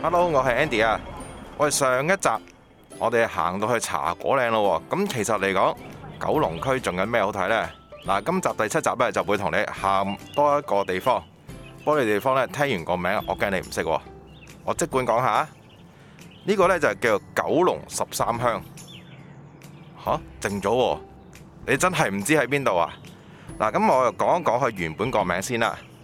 Hello，我係 Andy 啊！我哋上一集我哋行到去茶果嶺咯，咁其實嚟講，九龍區仲有咩好睇呢？嗱，今集第七集呢，就會同你行多一個地方，多啲地方呢，聽完個名，我驚你唔識，我即管講下。呢個呢就係叫九龍十三鄉，吓靜咗，你真係唔知喺邊度啊？嗱，咁我講一講佢原本個名先啦。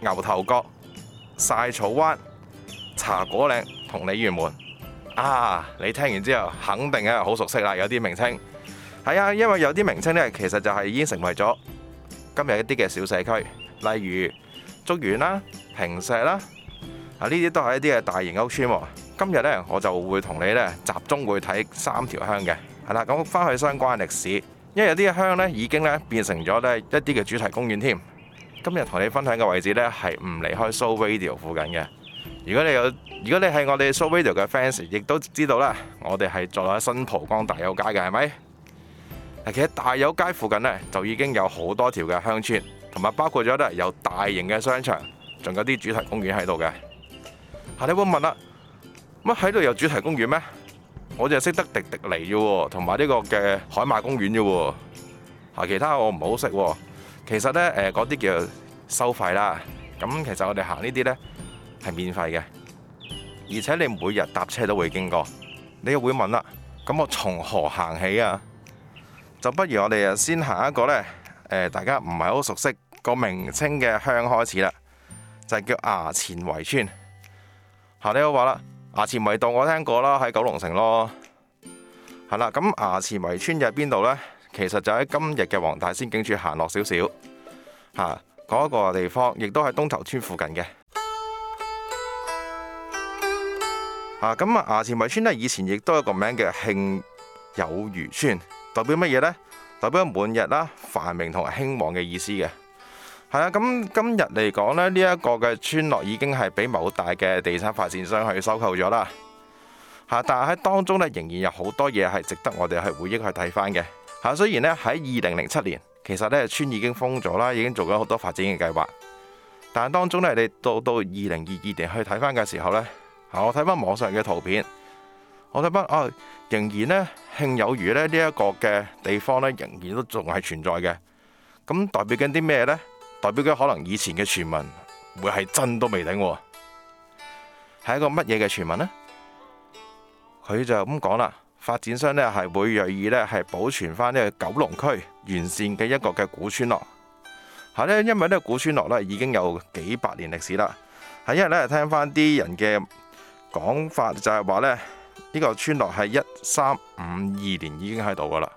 牛頭角、晒草灣、茶果嶺同鯉魚門啊！你聽完之後肯定咧好熟悉啦，有啲名稱係啊，因為有啲名稱呢，其實就係已經成為咗今日一啲嘅小社區，例如竹園啦、坪石啦啊，呢啲都係一啲嘅大型屋村。今日呢，我就會同你呢集中會睇三條鄉嘅係啦，咁翻去相關歷史，因為有啲鄉呢已經咧變成咗呢一啲嘅主題公園添。今日同你分享嘅位置呢，係唔離開 Show Video 附近嘅。如果你有，如果你係我哋 Show Video 嘅 fans，亦都知道啦，我哋係坐落喺新蒲崗大有街嘅，係咪？其實大有街附近呢，就已經有好多條嘅鄉村，同埋包括咗呢有大型嘅商場，仲有啲主題公園喺度嘅。啊，你會問啦，乜喺度有主題公園咩？我淨係識得迪迪尼啫，同埋呢個嘅海馬公園啫，啊，其他我唔好識。其實呢，誒，嗰啲叫收費啦。咁其實我哋行呢啲呢，係免費嘅，而且你每日搭車都會經過。你又會問啦，咁我從何行起啊？就不如我哋啊先行一個呢、呃，大家唔係好熟悉、個名稱嘅鄉開始啦，就叫衙前圍村。吓、嗯，你又話啦，衙前圍道我聽過啦，喺九龍城咯。係、嗯、啦，咁衙前圍村又喺邊度呢？其實就喺今日嘅黃大仙景處行落少少，吓，嗰一個地方亦都喺東頭村附近嘅。啊，咁啊，衙前圍村呢，以前亦都有一個名嘅慶有餘村，代表乜嘢呢？代表滿日啦、繁榮同埋興旺嘅意思嘅。係啊，咁今日嚟講呢，呢、這、一個嘅村落已經係俾某大嘅地產發展商去收購咗啦。吓、啊，但係喺當中呢，仍然有好多嘢係值得我哋去回憶去睇翻嘅。吓，雖然咧喺二零零七年，其實咧村已經封咗啦，已經做咗好多發展嘅計劃，但係當中咧，你到到二零二二年去睇翻嘅時候咧，吓，我睇翻網上嘅圖片，我睇翻哦，仍然咧慶有餘咧呢一個嘅地方咧，仍然都仲係存在嘅。咁代表緊啲咩呢？代表佢可能以前嘅傳聞會係真都未定喎。係一個乜嘢嘅傳聞呢？佢就咁講啦。發展商咧係會銳意咧係保存翻呢個九龍區完善嘅一個嘅古村落。吓咧因為呢個古村落咧已經有幾百年歷史啦，係因為咧聽翻啲人嘅講法就係話咧呢個村落係一三五二年已經喺度噶啦，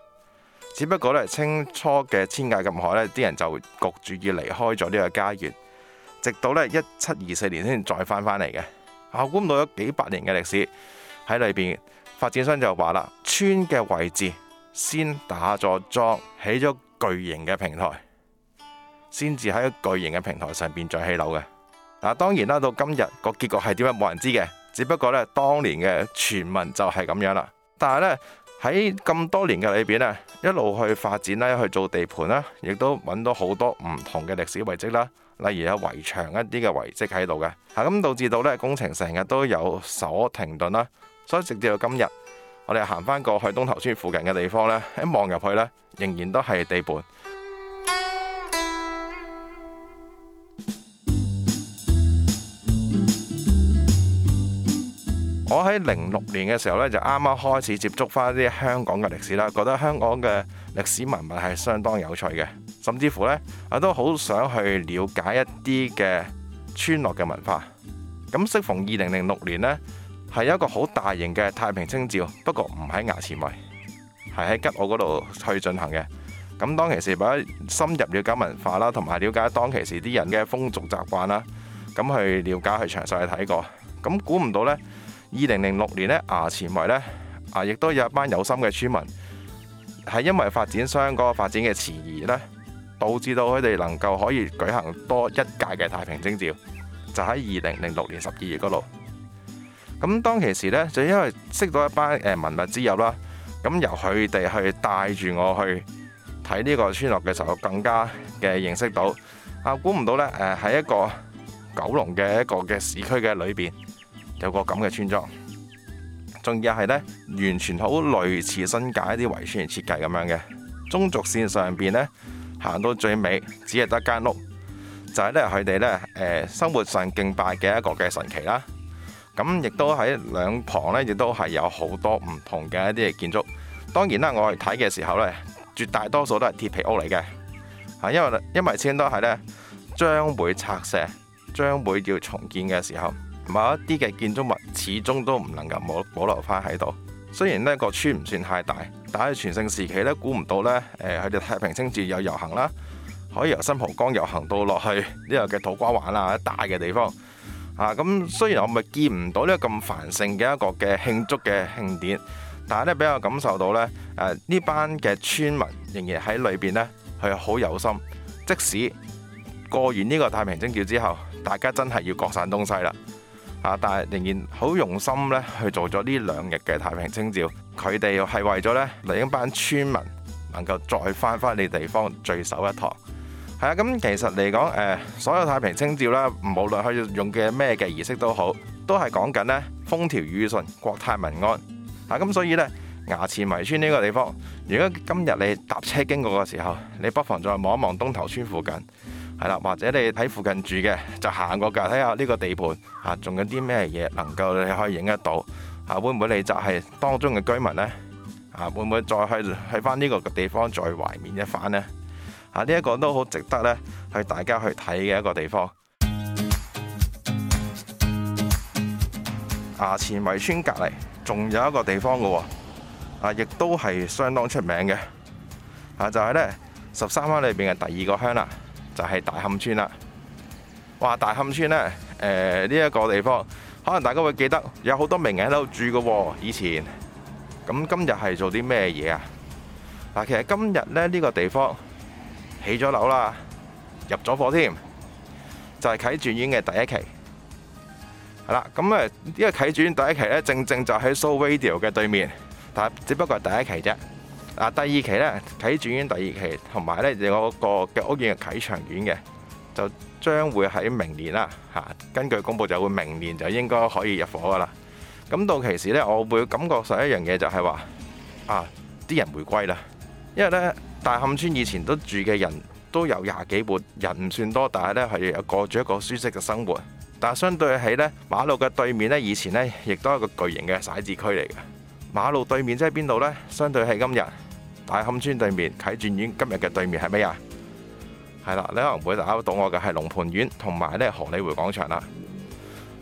只不過咧清初嘅遷界禁海咧啲人就焗住要離開咗呢個家園，直到咧一七二四年先再翻返嚟嘅。吓估唔到有幾百年嘅歷史喺裏邊。發展商就話啦，村嘅位置先打咗樁，起咗巨型嘅平台，先至喺巨型嘅平台上邊再起樓嘅。嗱，當然啦，到今日個結局係點樣，冇人知嘅。只不過呢，當年嘅傳聞就係咁樣啦。但係呢，喺咁多年嘅裏邊咧，一路去發展啦，去做地盤啦，亦都揾到好多唔同嘅歷史遺跡啦。例如有圍牆一啲嘅遺跡喺度嘅，吓咁導致到呢工程成日都有所停頓啦。所以直至到今日，我哋行翻過去東頭村附近嘅地方，呢，一望入去呢，仍然都係地盤。我喺零六年嘅時候呢，就啱啱開始接觸翻啲香港嘅歷史啦，覺得香港嘅歷史文物係相當有趣嘅，甚至乎呢，我都好想去了解一啲嘅村落嘅文化。咁適逢二零零六年呢。係一個好大型嘅太平清醮，不過唔喺衙前圍，係喺吉澳嗰度去進行嘅。咁當其時咪深入了解文化啦，同埋了解當其時啲人嘅風俗習慣啦，咁去了解去詳細去睇過。咁估唔到呢，二零零六年呢，衙前圍呢啊，亦都有一班有心嘅村民，係因為發展商嗰個發展嘅遲疑呢，導致到佢哋能夠可以舉行多一屆嘅太平清醮，就喺二零零六年十二月嗰度。咁當其時呢，就因為識到一班誒文物之友啦，咁由佢哋去帶住我去睇呢個村落嘅時候，更加嘅認識到啊，估唔到呢，誒喺一個九龍嘅一個嘅市區嘅裏邊，有個咁嘅村莊。仲要係呢，完全好類似新界的一啲圍村嘅設計咁樣嘅中軸線上邊呢，行到最尾只係得一間屋，就係呢，佢哋呢，誒生活上敬拜嘅一個嘅神奇啦。咁亦都喺兩旁咧，亦都係有好多唔同嘅一啲嘅建築。當然啦，我哋睇嘅時候咧，絕大多數都係鐵皮屋嚟嘅。嚇，因為因為千多係咧將會拆卸，將會要重建嘅時候，某一啲嘅建築物始終都唔能夠保保留翻喺度。雖然呢個村唔算太大，但係全盛時期咧估唔到咧，呃，佢哋太平清醮有遊行啦，可以由新蒲崗遊行到落去呢個嘅土瓜灣啦，一大嘅地方。啊，咁雖然我咪見唔到呢個咁繁盛嘅一個嘅慶祝嘅慶典，但係咧比較感受到咧，誒、啊、呢班嘅村民仍然喺裏邊呢。佢好有心。即使過完呢個太平清醮之後，大家真係要各散東西啦，啊，但係仍然好用心呢去做咗呢兩日嘅太平清醮。佢哋係為咗呢另一班村民能夠再返返嚟地方聚首一堂。係咁其實嚟講，誒，所有太平清醮啦，無論佢用嘅咩嘅儀式都好，都係講緊咧風調雨順、國泰民安。啊，咁所以呢，衙前圍村呢個地方，如果今日你搭車經過嘅時候，你不妨再望一望東頭村附近，係啦，或者你喺附近住嘅，就行過噶，睇下呢個地盤啊，仲有啲咩嘢能夠你可以影得到？啊，會唔會你就係當中嘅居民呢？啊，會唔會再去去返呢個地方再懷緬一番呢？啊！呢一個都好值得呢，去大家去睇嘅一個地方。衙前圍村隔離，仲有一個地方嘅喎。啊，亦都係相當出名嘅。啊，就係呢十三灣裏邊嘅第二個鄉啦，就係大磡村啦。哇！大磡村呢，呢一個地方，可能大家會記得有好多名人喺度住嘅喎。以前咁今日係做啲咩嘢啊？嗱，其實今日呢，呢個地方。起咗樓啦，入咗伙添，就係啟轉院嘅第一期，係啦，咁啊，呢個啟轉院第一期呢，正正就喺 So Radio 嘅對面，但只不過係第一期啫，啊，第二期呢，啟轉院第二期，同埋呢，我、那個嘅屋苑嘅啟場院嘅，就將會喺明年啦，吓，根據公布就會明年就應該可以入伙噶啦，咁到期時呢，我會感覺上一樣嘢就係話，啊，啲人回歸啦，因為呢。大磡村以前都住嘅人都有廿幾撥人，唔算多，但係呢，係有過住一個舒適嘅生活。但係相對起呢馬路嘅對面呢，以前呢亦都係個巨型嘅寫字區嚟嘅。馬路對面即係邊度呢？相對係今日大磡村對面啟鑽苑今日嘅對面係咩呀？係啦，你可能會答到我嘅係龍盤苑同埋呢荷里活廣場啦。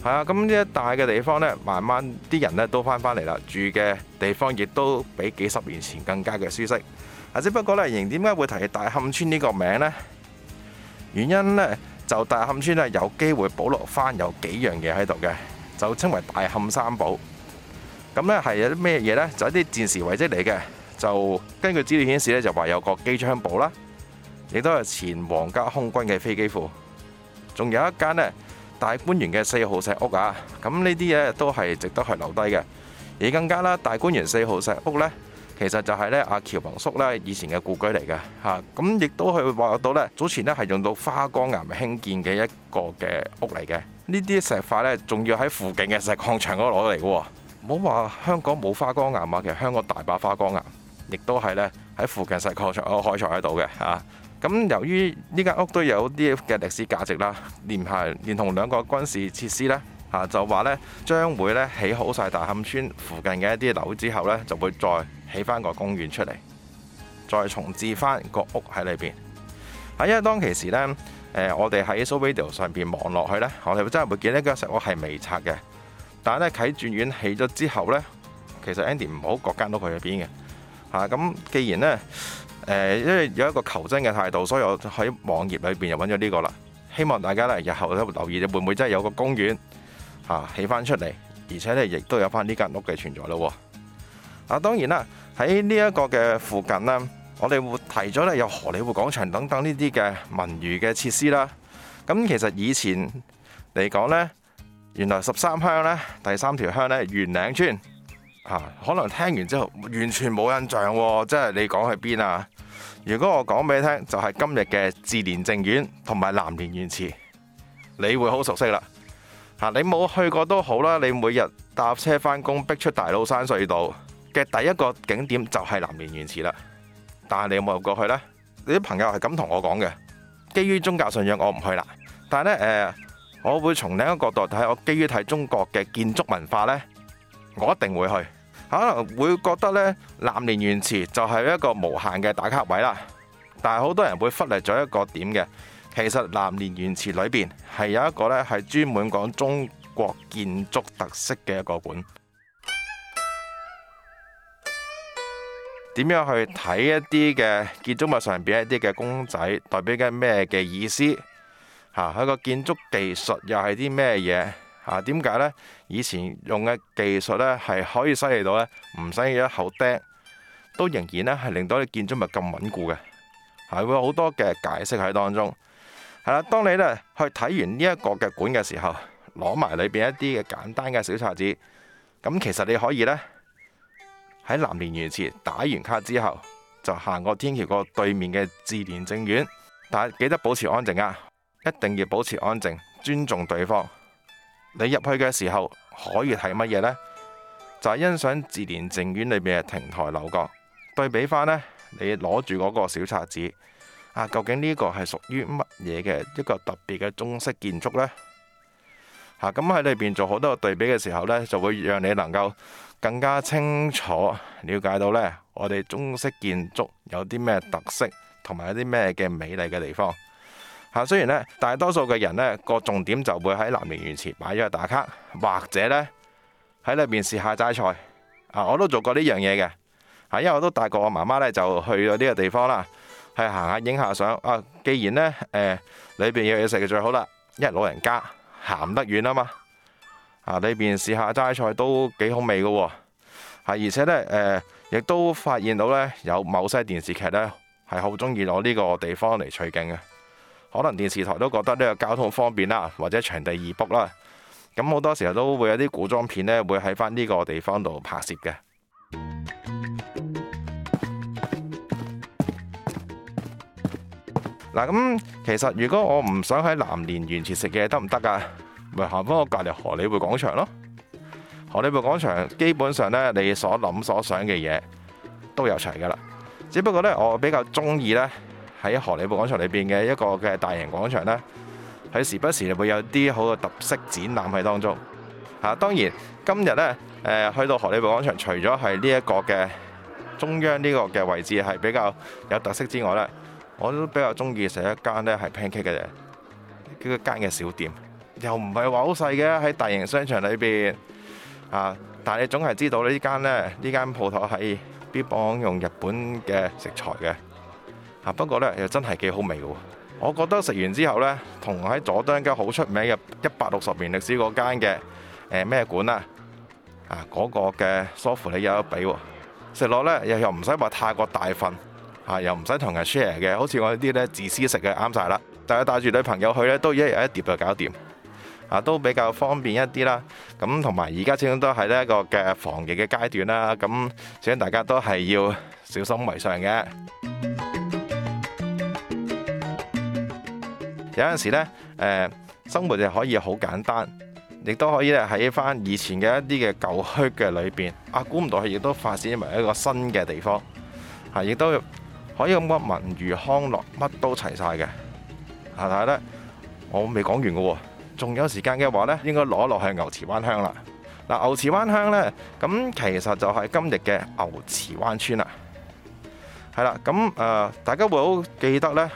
係啊，咁呢一帶嘅地方呢，慢慢啲人呢都返返嚟啦，住嘅地方亦都比幾十年前更加嘅舒適。啊！只不過呢，仍點解會提起大磡村呢個名呢？原因呢，就大磡村呢，有機會保留翻有幾樣嘢喺度嘅，就稱為大磡三寶。咁呢，係有啲咩嘢呢？就一啲戰時遺蹟嚟嘅。就根據資料顯示呢就話有個機槍堡啦，亦都係前皇家空軍嘅飛機庫，仲有一間呢，大觀園嘅四號石屋啊！咁呢啲嘢都係值得去留低嘅。而更加啦，大觀園四號石屋呢。其實就係咧，阿喬宏叔咧以前嘅故居嚟嘅，嚇咁亦都係話到咧，早前咧係用到花崗岩興建嘅一個嘅屋嚟嘅。呢啲石塊咧，仲要喺附近嘅石礦場嗰度攞嚟嘅喎。唔好話香港冇花崗岩啊，其實香港大把花崗岩，亦都係咧喺附近石礦場度開採喺度嘅，嚇。咁由於呢間屋都有啲嘅歷史價值啦，連下連同兩個軍事設施咧。啊，就話呢，將會呢起好晒大磡村附近嘅一啲樓之後呢，就會再起翻個公園出嚟，再重置翻個屋喺裏邊。嚇，因為當其時呢，我哋喺 so video 上邊望落去呢，我哋真係會見呢間石屋係未拆嘅。但係呢，啟轉院起咗之後呢，其實 Andy 唔好嗰間屋佢喺邊嘅嚇。咁、啊、既然呢，誒、呃，因為有一個求真嘅態度，所以我喺網頁裏邊就揾咗呢個啦。希望大家呢，日後都留意會唔會真係有個公園。嚇起翻出嚟，而且咧亦都有翻呢間屋嘅存在咯。啊，當然啦，喺呢一個嘅附近啦，我哋會提咗咧有荷里活廣場等等呢啲嘅文娛嘅設施啦。咁其實以前嚟講呢，原來十三鄉呢，第三條鄉咧元嶺村，啊，可能聽完之後完全冇印象，即係你講去邊啊？如果我講俾你聽，就係、是、今日嘅志蓮淨苑同埋南蓮園池，你會好熟悉啦。嗱，你冇去過都好啦，你每日搭車返工，逼出大老山隧道嘅第一個景點就係南蓮園池啦。但係你有冇入過去呢？你啲朋友係咁同我講嘅，基於宗教信仰，我唔去啦。但係呢，誒、呃，我會從另一個角度睇，我基於睇中國嘅建築文化呢，我一定會去。可能會覺得呢，南蓮園池就係一個無限嘅打卡位啦。但係好多人會忽略咗一個點嘅。其實南蓮園池裏邊係有一個呢，係專門講中國建築特色嘅一個本。點樣去睇一啲嘅建築物上邊一啲嘅公仔，代表緊咩嘅意思？嚇、啊，佢個建築技術又係啲咩嘢？嚇、啊，點解呢？以前用嘅技術呢，係可以犀利到呢，唔使一口釘，都仍然呢，係令到啲建築物咁穩固嘅。係、啊、會有好多嘅解釋喺當中。係啦，當你咧去睇完呢一個嘅館嘅時候，攞埋裏邊一啲嘅簡單嘅小冊子，咁其實你可以呢，喺南蓮園池打完卡之後，就行過天橋嗰，對面嘅志蓮淨苑。但係記得保持安靜啊，一定要保持安靜，尊重對方。你入去嘅時候可以睇乜嘢呢？就係、是、欣賞志蓮淨苑裏邊嘅亭台樓閣，對比翻呢，你攞住嗰個小冊子。究竟呢個係屬於乜嘢嘅一個特別嘅中式建築呢？吓，咁喺裏邊做好多個對比嘅時候呢，就會讓你能夠更加清楚了解到呢，我哋中式建築有啲咩特色，同埋有啲咩嘅美麗嘅地方。吓，雖然呢，大多數嘅人呢，個重點就會喺南蓮園前擺咗個打卡，或者呢，喺裏面試下齋菜。啊，我都做過呢樣嘢嘅。啊，因為我都帶過我媽媽呢，就去咗呢個地方啦。係行下影下相啊！既然呢，誒、呃、裏邊有嘢食就最好啦。因為老人家行得遠啊嘛，啊裏邊試下齋菜都幾好味噶，係、啊、而且呢，誒、呃、亦都發現到呢，有某些電視劇呢係好中意攞呢個地方嚟取景嘅。可能電視台都覺得呢個交通方便啦，或者場地易 book 啦。咁好多時候都會有啲古裝片呢會喺返呢個地方度拍攝嘅。嗱咁，其實如果我唔想喺南蓮園池食嘢得唔得噶？咪行翻我隔籬荷里活廣場咯。荷里活廣場基本上呢，你所諗所想嘅嘢都有齊噶啦。只不過呢，我比較中意呢喺荷里活廣場裏邊嘅一個嘅大型廣場呢，佢時不時會有啲好嘅特色展覽喺當中。嚇、啊，當然今日呢，去到荷里活廣場，除咗係呢一個嘅中央呢個嘅位置係比較有特色之外呢。我都比較中意食一間呢係 pancake 嘅嘢，佢一間嘅小店，又唔係話好細嘅，喺大型商場裏邊啊。但係你總係知道呢間呢，呢間鋪頭係標榜用日本嘅食材嘅。不過呢，又真係幾好味喎。我覺得食完之後呢，同喺佐敦間好出名嘅一百六十年歷史嗰間嘅咩、呃、館啊啊嗰、嗰個嘅梳芙厘有得比喎，食落呢，又又唔使話太過大份。啊！又唔使同人 share 嘅，好似我呢啲咧自私食嘅啱晒啦。但係帶住女朋友去咧，都一日一碟就搞掂，啊，都比較方便一啲啦。咁同埋而家始終都係呢一個嘅防疫嘅階段啦。咁請大家都係要小心為上嘅。有陣時呢，誒生活就可以好簡單，亦都可以咧喺翻以前嘅一啲嘅舊墟嘅裏邊，啊，估唔到佢亦都發展為一個新嘅地方，啊，亦都。可以咁講，文娛康樂乜都齊晒嘅。但係呢，我未講完嘅喎，仲有時間嘅話呢，應該攞落去牛池灣鄉啦。嗱，牛池灣鄉呢，咁其實就係今日嘅牛池灣村啦。係啦，咁誒、呃，大家會好記得呢，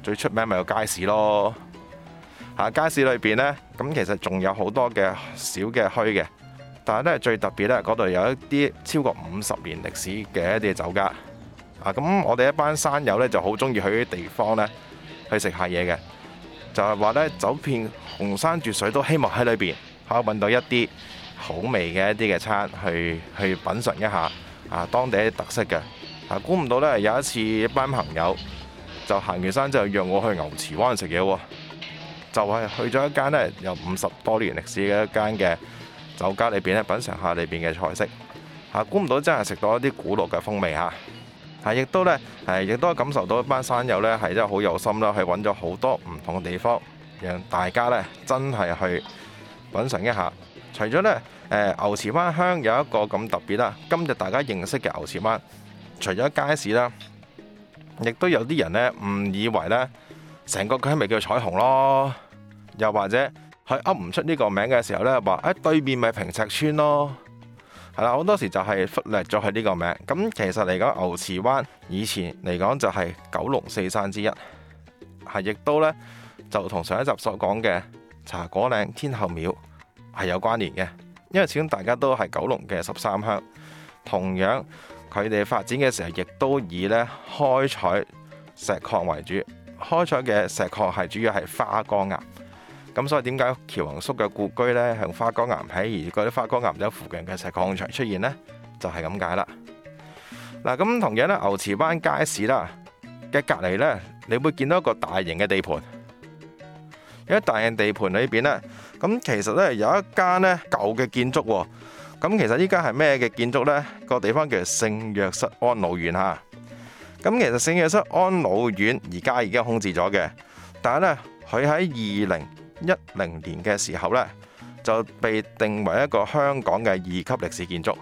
最出名咪有街市咯。嚇，街市裏邊呢，咁其實仲有好多嘅小嘅墟嘅，但係呢，最特別呢，嗰度有一啲超過五十年歷史嘅一啲酒家。啊！咁我哋一班山友呢，就好中意去啲地方呢，去食下嘢嘅，就係話呢，走遍紅山絕水都希望喺裏邊可以揾到一啲好味嘅一啲嘅餐去去品嚐一下啊，當地一啲特色嘅，估唔到呢，有一次一班朋友就行完山之後，約我去牛池灣食嘢喎，就係去咗一間呢，有五十多年歷史嘅一間嘅酒家裏邊呢，品嚐下裏邊嘅菜式。估唔到真係食到一啲古老嘅風味嚇。係，亦都咧，係，亦都感受到一班山友咧，係真係好有心啦，去揾咗好多唔同嘅地方，讓大家咧真係去品嚐一下。除咗咧，誒牛池灣鄉有一個咁特別啦，今日大家認識嘅牛池灣，除咗街市啦，亦都有啲人咧誤以為呢成個區咪叫彩虹咯，又或者佢噏唔出呢個名嘅時候咧，話誒對面咪坪石邨咯。係啦，好多時就係忽略咗佢呢個名。咁其實嚟講，牛池灣以前嚟講就係九龍四山之一，係亦都呢就同上一集所講嘅茶果嶺天后廟係有關聯嘅，因為始終大家都係九龍嘅十三鄉，同樣佢哋發展嘅時候亦都以呢開採石礦為主，開採嘅石礦係主要係花崗岩。咁所以點解喬宏叔嘅故居咧用花崗岩起，而嗰啲花崗岩喺附近嘅石礦場出現咧，就係咁解啦。嗱，咁同樣咧，牛池灣街市啦嘅隔離咧，你會見到一個大型嘅地盤。喺大型地盤裏邊咧，咁其實咧有一間咧舊嘅建築。咁其實依家係咩嘅建築咧？個地方叫聖若瑟安老院嚇。咁其實聖若瑟安老院而家已經空置咗嘅，但係咧佢喺二零。一零年嘅時候呢，就被定為一個香港嘅二級歷史建築。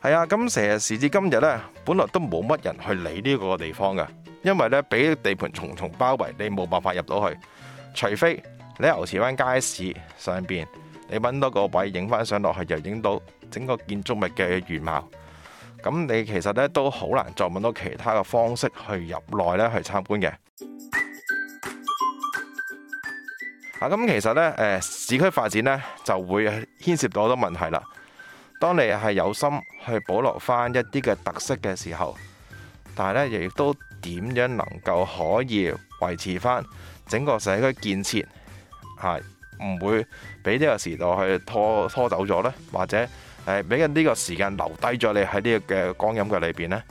係啊，咁成日時至今日呢，本來都冇乜人去理呢個地方嘅，因為呢，俾地盤重重包圍，你冇辦法入到去。除非你喺牛池灣街市上邊，你揾到個位影翻相落去，又影到整個建築物嘅原貌。咁你其實呢，都好難再揾到其他嘅方式去入內呢，去參觀嘅。啊，咁其實呢，誒市區發展呢就會牽涉到好多問題啦。當你係有心去保留翻一啲嘅特色嘅時候，但係呢亦都點樣能夠可以維持翻整個社區建設係唔會俾呢個時代去拖拖走咗呢？或者誒俾緊呢個時間留低咗你喺呢個嘅光陰嘅裏邊呢？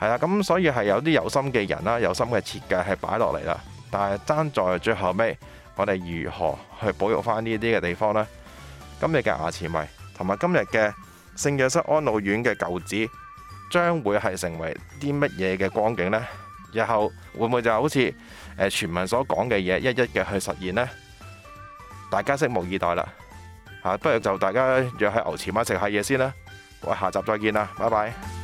係啦。咁所以係有啲有心嘅人啦，有心嘅設計係擺落嚟啦，但係爭在最後尾。我哋如何去保育翻呢啲嘅地方呢？今日嘅牙籤圍同埋今日嘅聖約瑟安老院嘅舊址，將會係成為啲乜嘢嘅光景呢？日後會唔會就好似誒傳聞所講嘅嘢，一一嘅去實現呢？大家拭目以待啦！不如就大家約喺牛池灣食下嘢先啦。我下集再見啦，拜拜。